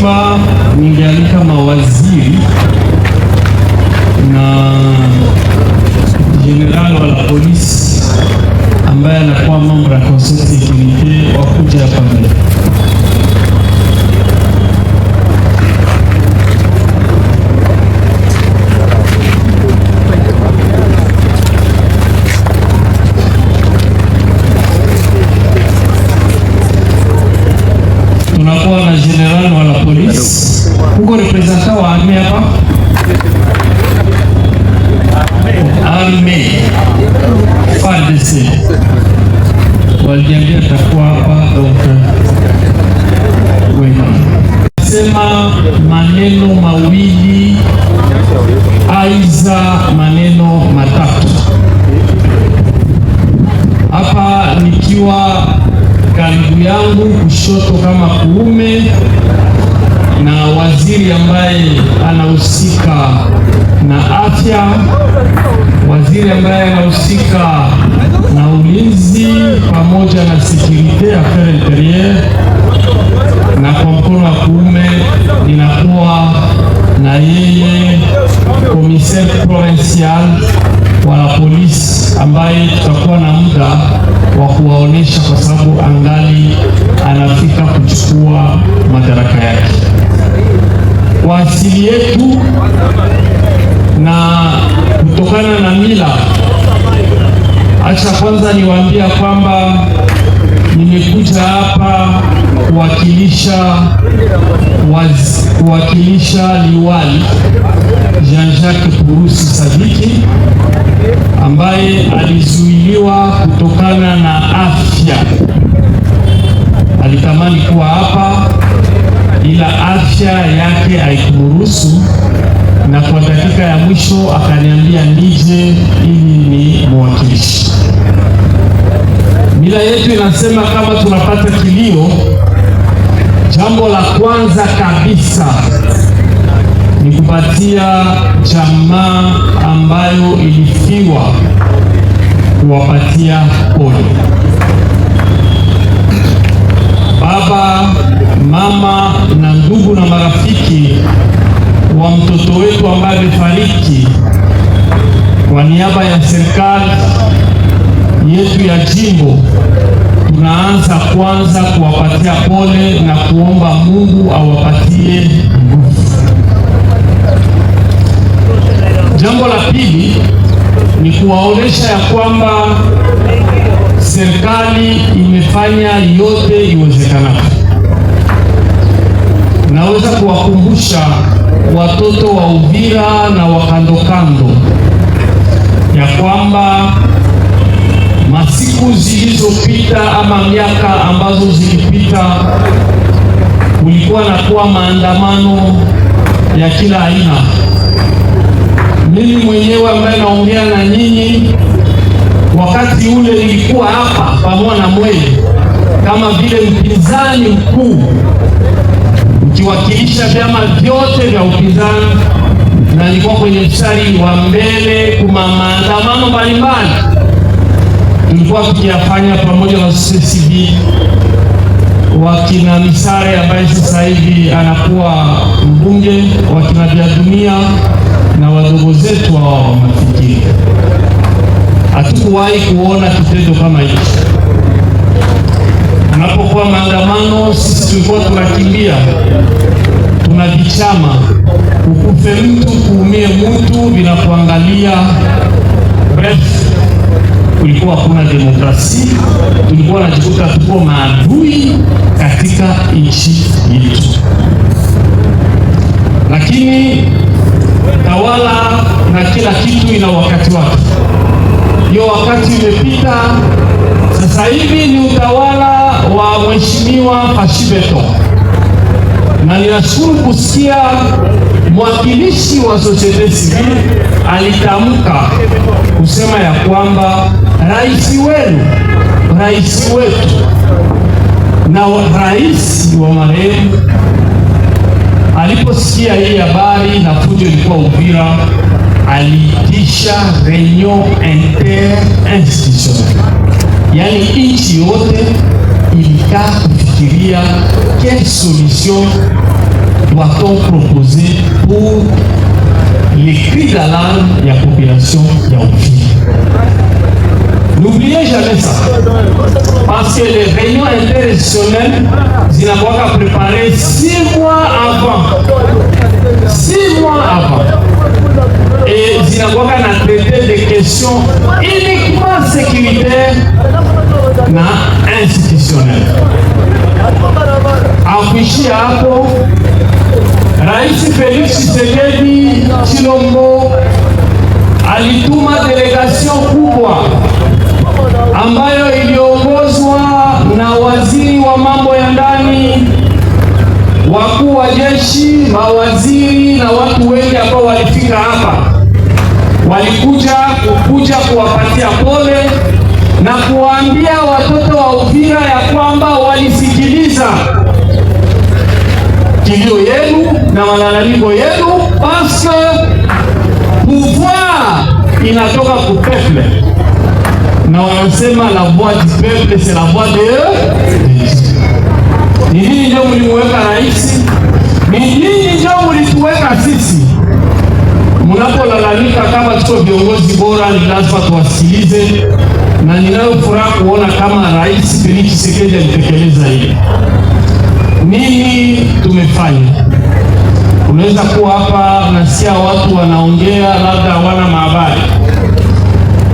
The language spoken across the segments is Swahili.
Sasa ningealika mawaziri na general wa la polisi ambaye anakuwa membre ya conseil de securite wakuja hapa mbele. na afya, waziri ambaye anahusika na ulinzi pamoja na securite affaires interieure, na kwa mkono wa kuume inakuwa na yeye commissaire provincial wa la polisi, ambaye tutakuwa na muda wa kuwaonesha kwa sababu angali anafika kuchukua madaraka yake kwa asili yetu na kutokana na mila, acha kwanza niwaambia kwamba nimekuja hapa kuwakilisha kuwakilisha liwali Jean-Jacques Purusi Sadiki ambaye alizuiliwa kutokana na afya. Alitamani kuwa hapa ila afya yake haikuruhusu na kwa dakika ya mwisho akaniambia nije ili ni mwakilishi. Mila yetu inasema kama tunapata kilio, jambo la kwanza kabisa ni kupatia jamaa ambayo ilifiwa kuwapatia pole. Baba, mama na ndugu na marafiki wa mtoto wetu ambaye amefariki, kwa niaba ya serikali yetu ya jimbo tunaanza kwanza kuwapatia pole na kuomba Mungu awapatie nguvu. Jambo la pili ni kuwaonesha ya kwamba serikali imefanya yote iwezekanavyo. Naweza kuwakumbusha watoto wa Uvira na wakandokando ya kwamba masiku zilizopita ama miaka ambazo zilipita, kulikuwa na kuwa maandamano ya kila aina. Mimi mwenyewe ambaye naongea na nyinyi wakati ule nilikuwa hapa pamoja na mweye kama vile mpinzani mkuu mkiwakilisha vyama vyote vya upinzani, na nilikuwa kwenye mstari wa mbele kuma maandamano mbalimbali tulikuwa tukiyafanya pamoja na CCB wakina Misare ambaye sasa hivi anakuwa mbunge, wakina vya dunia na wadogo zetu hawa wa mafikiri. Hatukuwahi kuona kitendo kama hicho. Tunapokuwa maandamano, sisi tulikuwa tunakimbia, tunajichama, ukufe mtu kuumie mtu vinakuangalia refu. Kulikuwa hakuna demokrasi tulikuwa najikuta tuko maadui katika nchi yetu, lakini tawala na kila kitu ina wakati wake. Hiyo wakati imepita, sasa hivi ni utawala wa mheshimiwa Kashibeto, na ninashukuru kusikia mwakilishi wa societe civile alitamka kusema ya kwamba rais wenu, rais wetu na rais wa marehemu aliposikia hii habari na fujo ilikuwa Uvira, aliitisha reunion inter institutionnel, yaani nchi yote Il y a quelle solution doit-on proposer pour les cris et la population qui en vit N'oubliez jamais ça, parce que les réunions internationales, interrégionales a préparé six mois avant, six mois avant, et zinakuwaka na traité des questions uniquement sécuritaires na institutionnel. Akuishia hapo, Rais Felix Tshisekedi Chilombo alituma delegation kubwa ambayo iliongozwa na waziri wa mambo ya ndani, wakuu wa jeshi, mawaziri na watu wengi ambao walifika hapa, walikuja kukuja kuwapatia pole na kuwaambia watoto wa Uvira ya kwamba walisikiliza kilio yenu na malalamiko yenu, parce pouvoir inatoka ku peuple, na wanasema la voix du peuple c'est la voix de. Ni ndio mlimuweka rais? Ni ndio mlituweka sisi Tunapolalamika kama tuko viongozi bora, ni lazima tuwasikilize, na ninayo furaha kuona kama Rais Felix Tshisekedi alitekeleza hili. Nini tumefanya? Unaweza kuwa hapa nasikia watu wanaongea, labda hawana mahabari.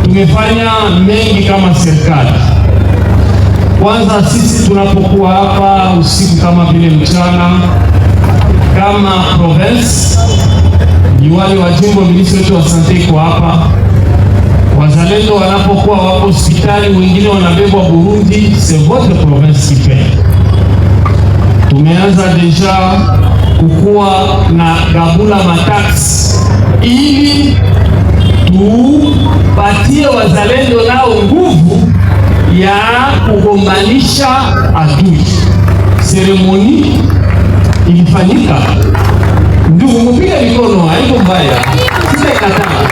Tumefanya mengi kama serikali. Kwanza sisi tunapokuwa hapa usiku kama vile mchana, kama province ni wale wa jimbo milisi wetu wa sante iko hapa. Wazalendo wanapokuwa wapo hospitali, wengine wanabebwa Burundi, c'est votre province qui Tumeanza deja kukuwa na gabula mataksi ili tupatie wazalendo nao nguvu ya kugombanisha adui. Seremoni ilifanyika ndugu, mpiga mikono, haipo mbaya, sitakataa.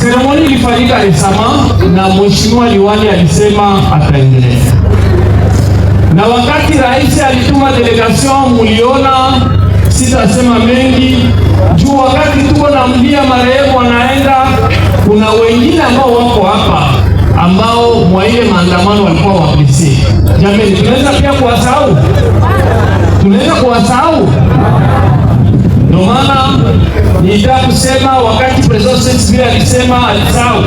Seremoni ilifanyika Dar na mheshimiwa diwani alisema ataendelea, na wakati rais alituma delegation, muliona, sitasema mengi juu wakati tuko na mlia marehemu anaenda, kuna wengine ambao wako hapa ambao mwa maandamano walikuwa wapisi. Jamani, tunaweza pia kuwasahau tunaweza kuwasahau. Ndio maana nita kusema wakati President Sesbio alisema alisahau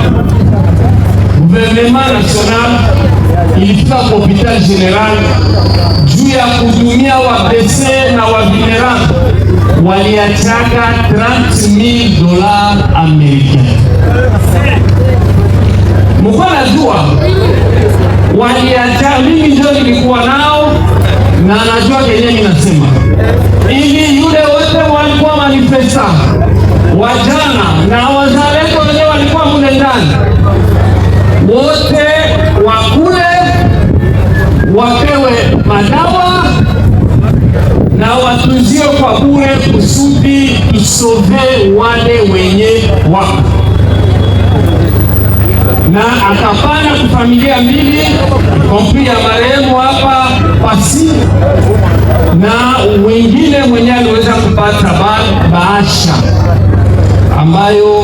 gouvernement national ilifika kwa hopital general juu ya wa wabese na wavulnerable waliachaga 30000 dola amerikani. Mko najua waliacha, mimi ndio nilikuwa nao na anajua kenye ninasema hivi. Yule wote walikuwa manifesta wajana na wazalendo wenyewe walikuwa mule ndani wote, wakule wapewe madawa na watunziwe kwa bure, kusudi tusove wale wenye wako na akapana kufamilia mbili kompi ya marehemu hapa pasii na wengine mwenyewe aliweza kupata baasha ambayo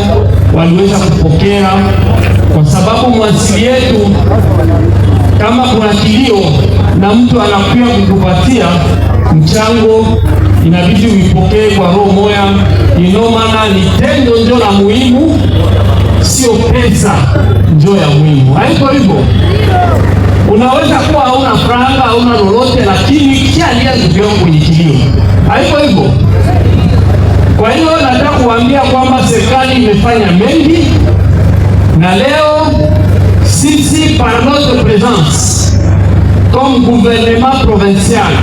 waliweza kupokea, kwa sababu mwasili yetu, kama kuna kilio na mtu anakuja kukupatia mchango, inabidi uipokee kwa roho moya. Ino maana ni tendo ndio la muhimu sio pesa ndio ya muhimu, haiko hivyo. Unaweza kuwa hauna franga hauna lolote, lakini kialia ndugu yangu kwenye kilio, haiko hivyo. Kwa hiyo nataka kuambia kwamba serikali imefanya mengi, na leo sisi par notre presence comme gouvernement provincial,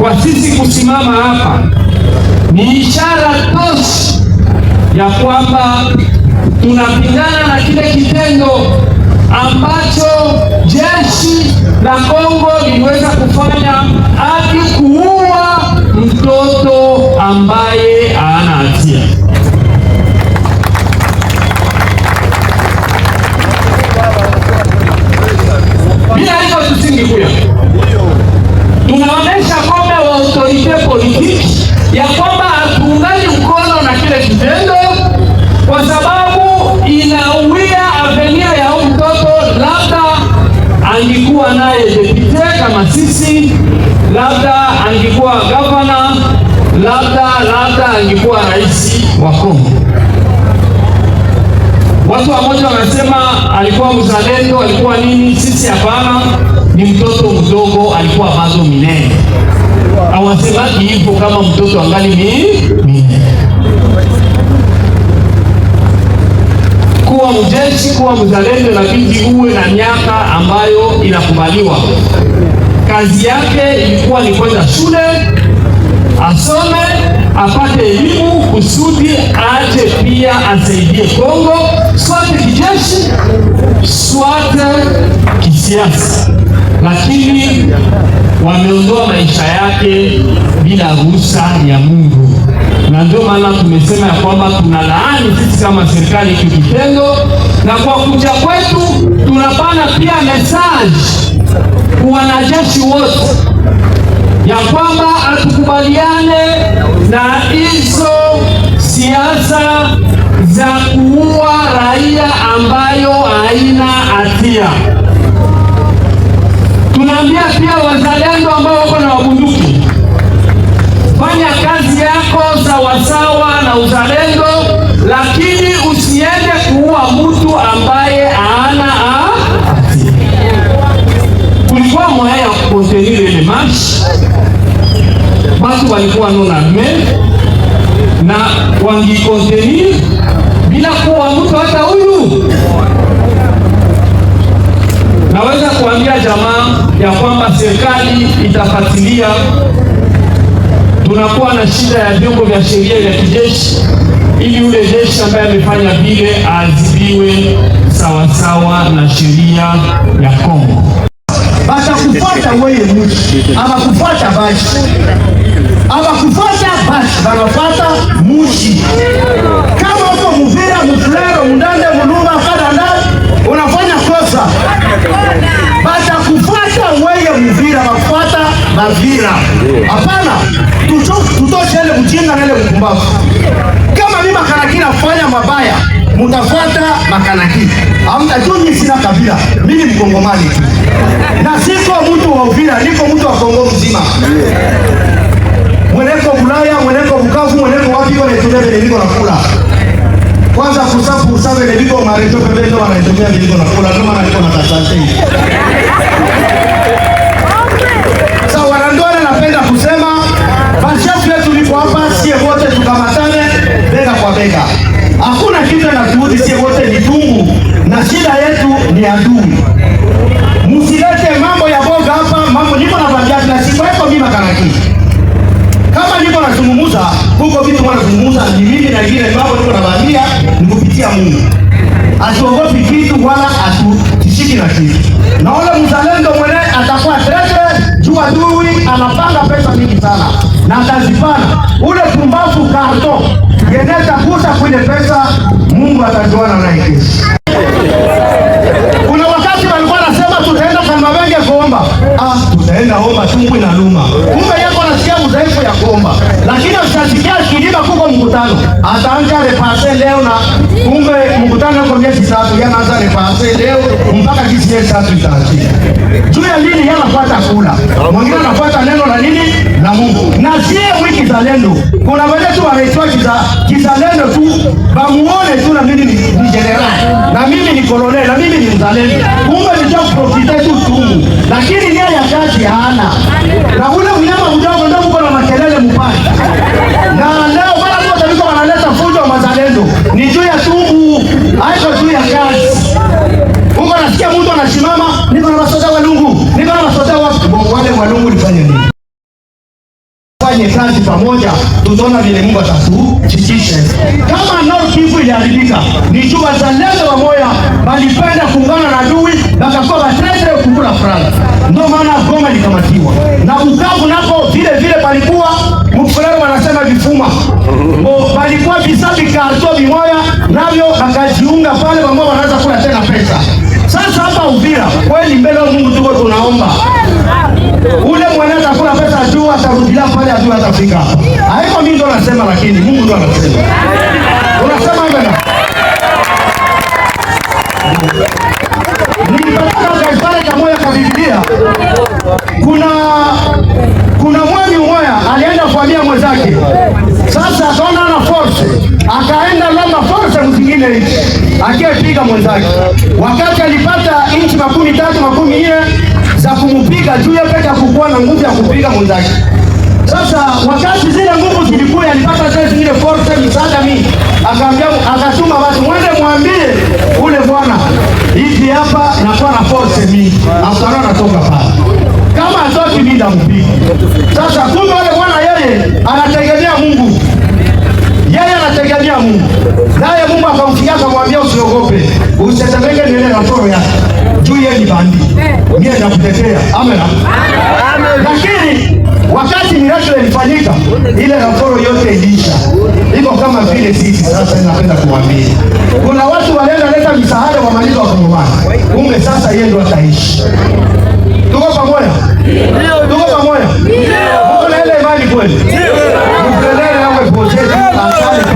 kwa sisi kusimama hapa ni ishara tosha ya kwamba tunapingana na kile kitendo ambacho jeshi la Kongo liliweza kufanya hadi kuua mtoto ambaye hana hatia. mtu wamoja wanasema alikuwa mzalendo, alikuwa nini? Sisi hapana, ni mtoto mdogo, alikuwa bado minene. awasema hivyo kama mtoto angali minene. Kuwa mjeshi, kuwa mzalendo, inabidi uwe na miaka ambayo inakubaliwa. Kazi yake ilikuwa ni kwenda shule asome apate elimu kusudi aje pia asaidie Kongo, swate kijeshi, swate kisiasa, lakini wameondoa maisha yake bila ruhusa ya Mungu na ndio maana tumesema ya kwamba tunalaani sisi kama serikali kikitendo kitendo, na kwa kuja kwetu tunapana pia mesaji kwa wanajeshi wote ya kwamba hatukubaliane na hizo siasa walikuwa nona me na wangikontenir bila kuwa mtu hata huyu. Naweza kuambia jamaa ya kwamba serikali itafuatilia. Tunakuwa na shida ya vyombo vya sheria vya kijeshi, ili yule jeshi ambaye amefanya vile aadhibiwe sawasawa na sheria ya Kongo batakufuata wewe mtu, abakufuata basi, abakufuata basi, banafata mushi kama uko Muvira, Mufulero, Mundande, Muluma, Kadanda, unafanya kosa, batakufata wewe Muvira, bakufuata Bavira. Hapana, tutoshe ile mjinga na Kama mimi karakina fanya mabaya mtafuata makanaki, hamtajui. Sina kabila, mimi mkongomani tu, na siko mtu wa Uvira, niko mtu wa Kongo mzima, mweneko Bulaya, mweneko Bukavu, mweneko wapi, niko nakula kwanza kusafu usabe na biko mareto pembe ndo wanatumia biko na kula kama na tasante. Sasa wanandoa napenda kusema tatu itaachika juu ya nini? Yanapata kula mwingine anapata neno la nini la Mungu. Na sie wiki kizalendo, kuna wale tu wanaitwa kizalendo tu, bamuone tu, na mimi ni general, na mimi ni kolonel, na mimi ni mzalendo, kumbe nitakuprofita tu tumu, lakini nia ya kazi hana na ule kufunga pale ambao wanaweza kula tena pesa. Sasa hapa Uvira kweli, mbele ya Mungu tuko tunaomba ule mwana atakula pesa juu atarudia pale ajuu atafika. Haiko mimi ndo nasema, lakini Mungu ndo anasema. Unasema bwana, nilipata kaifara ya moyo kwa Biblia. Kuna kuna mwami mmoja alienda kuambia mwenzake sasa akaona ana force, akaenda lomba force mzingine hizi akiyepiga mwenzake. Wakati alipata inchi makumi tatu makumi nne za kumupiga juu yake, hakukuwa na nguvu ya kupiga mwenzake. Sasa wakati zile nguvu zilikuwa, alipata zile zingine force, msaada mingi, akaambia akatuma watu, mwende mwambie ule bwana hivi hapa nakuwa na force mingi, akana natoka pale kama atoki minda mpiga. Sasa kumbe wale bwana yeye anategemea Mungu Mungu, naye Mungu akamfikia akamwambia, usiogope, usitetemeke, niende na toro yako juu yeye ni bandi, mimi nakutetea. Amen, amen. Lakini wakati miracle ilifanyika, ile raforo yote iliisha. Hivyo kama vile sisi sasa, napenda kuambia kuna watu wanaenda leta misaada, wamaliza wakomomana, kumbe sasa yeye ndo ataishi. Tuko pamoja, tuko pamoja, tuko na ile imani kweli? Mpendelee imani pojeti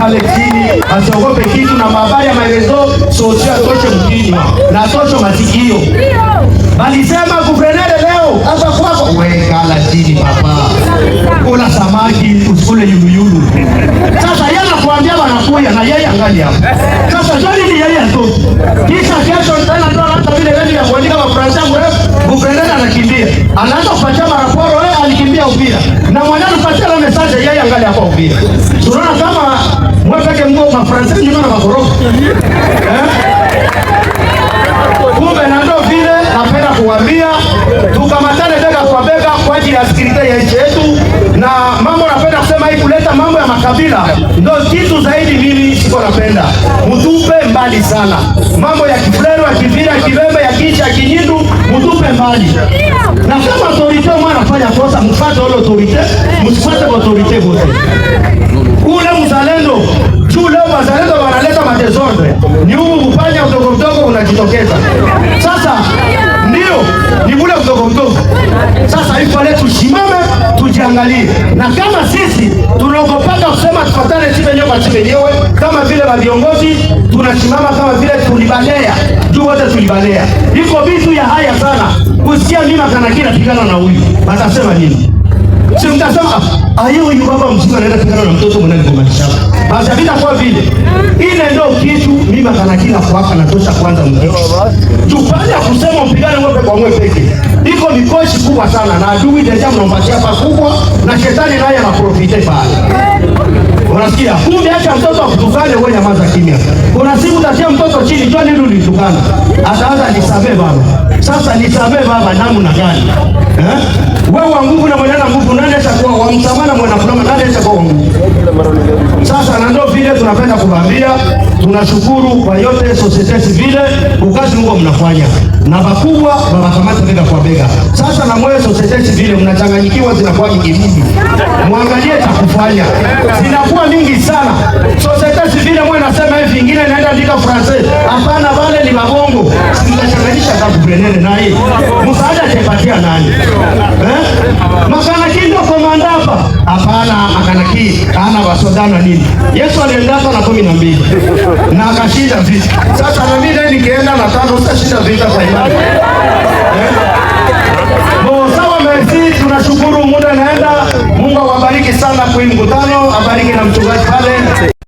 pale mjini, asiogope kitu, na mabaya maelezo sosio atoshe mkinywa na atoshe masikio, bali sema guvernere leo hapa kwako, wewe kala chini papa, kula samaki usikule yuluyulu. Sasa yeye anakuambia wanakuya na yeye angali hapo. Sasa jali ni yeye tu, kisha kesho tena ndo hata vile vile ya kuandika wa Fransa mrefu, guvernere anakimbia, anaanza kupatia maraporo, yeye alikimbia upira na mwanadamu patia la message, yeye angali hapo upira. Tunaona kama mwatake mko kwa Francais nyuma na makorofa eh? kumbe na ndo vile napenda kuambia tukamatane bega kwa bega kwa ajili ya sikirite ya nchi yetu, na mambo napenda kusema hii kuleta mambo ya makabila ndo kitu zaidi mimi siko napenda, mutupe mbali sana mambo ya Kifulero, ya Kivira, ya Kibembe, ya Kicha, ya Kinyindu, mutupe mbali na kama autorite mwanafanya kosa mfate ule autorite, msifate autorite vote kuongeza. Sasa ndio ni bule mdogo mdogo. Sasa hii pale tujiangalie, na kama sisi tunaogopaka kusema tupatane si wenyewe kwa si wenyewe, kama vile waviongozi tunasimama kama vile tulibalea juu, wote tulibalea. Iko vitu ya haya sana kusikia mimi makanaki napigana na huyu, atasema nini? Si mtasema ayo, ah, ah, huyu baba mzima anaenda pigana na mtoto mwanangu kwa basi kwa vile. Ile ndio kitu mimi kila kuwaka na tosha kwanza mjini. Tupande kusema mpigane ng'ombe kwa ng'ombe peke. Iko mikosi kubwa sana na adui deja mnampatia pakubwa na shetani naye anaprofite pale. Unasikia? Kumbe acha mtoto akutukane wewe nyamaza kimya. Kuna siku tatia mtoto chini twani ndio ulitukana. Ataanza nisabe baba. Sasa nisabe baba namna gani? Eh? Wewe wa nguvu na mwenye nguvu nani atakuwa wa mtamana mwana fulani nani atakuwa wa nguvu? Sasa na ndio vile tunapenda kuwaambia, tunashukuru kwa yote society civile ukazi huo mnafanya na bakubwa wanakamata bega kwa bega. Sasa na mwe society civile mnachanganyikiwa, zinakuwa nyingi mingi, mwangalie cha kufanya, zinakuwa mingi sana society civile. mwe nasema hivi, ingine naenda andika francais. Hapana, wale ni mabongo mnachanganisha Babu naye msaada atepatia nani eh? Makanaki ndio Hapana, makanaki ana wasodana nini? Yesu aliendapa na kumi na mbili na akashinda vita. Sasa na mimi nikienda na tano utashinda vita kwa imani eh? tunashukuru muda naenda. Mungu awabariki sana kwa mkutano, abariki na mchungaji pale.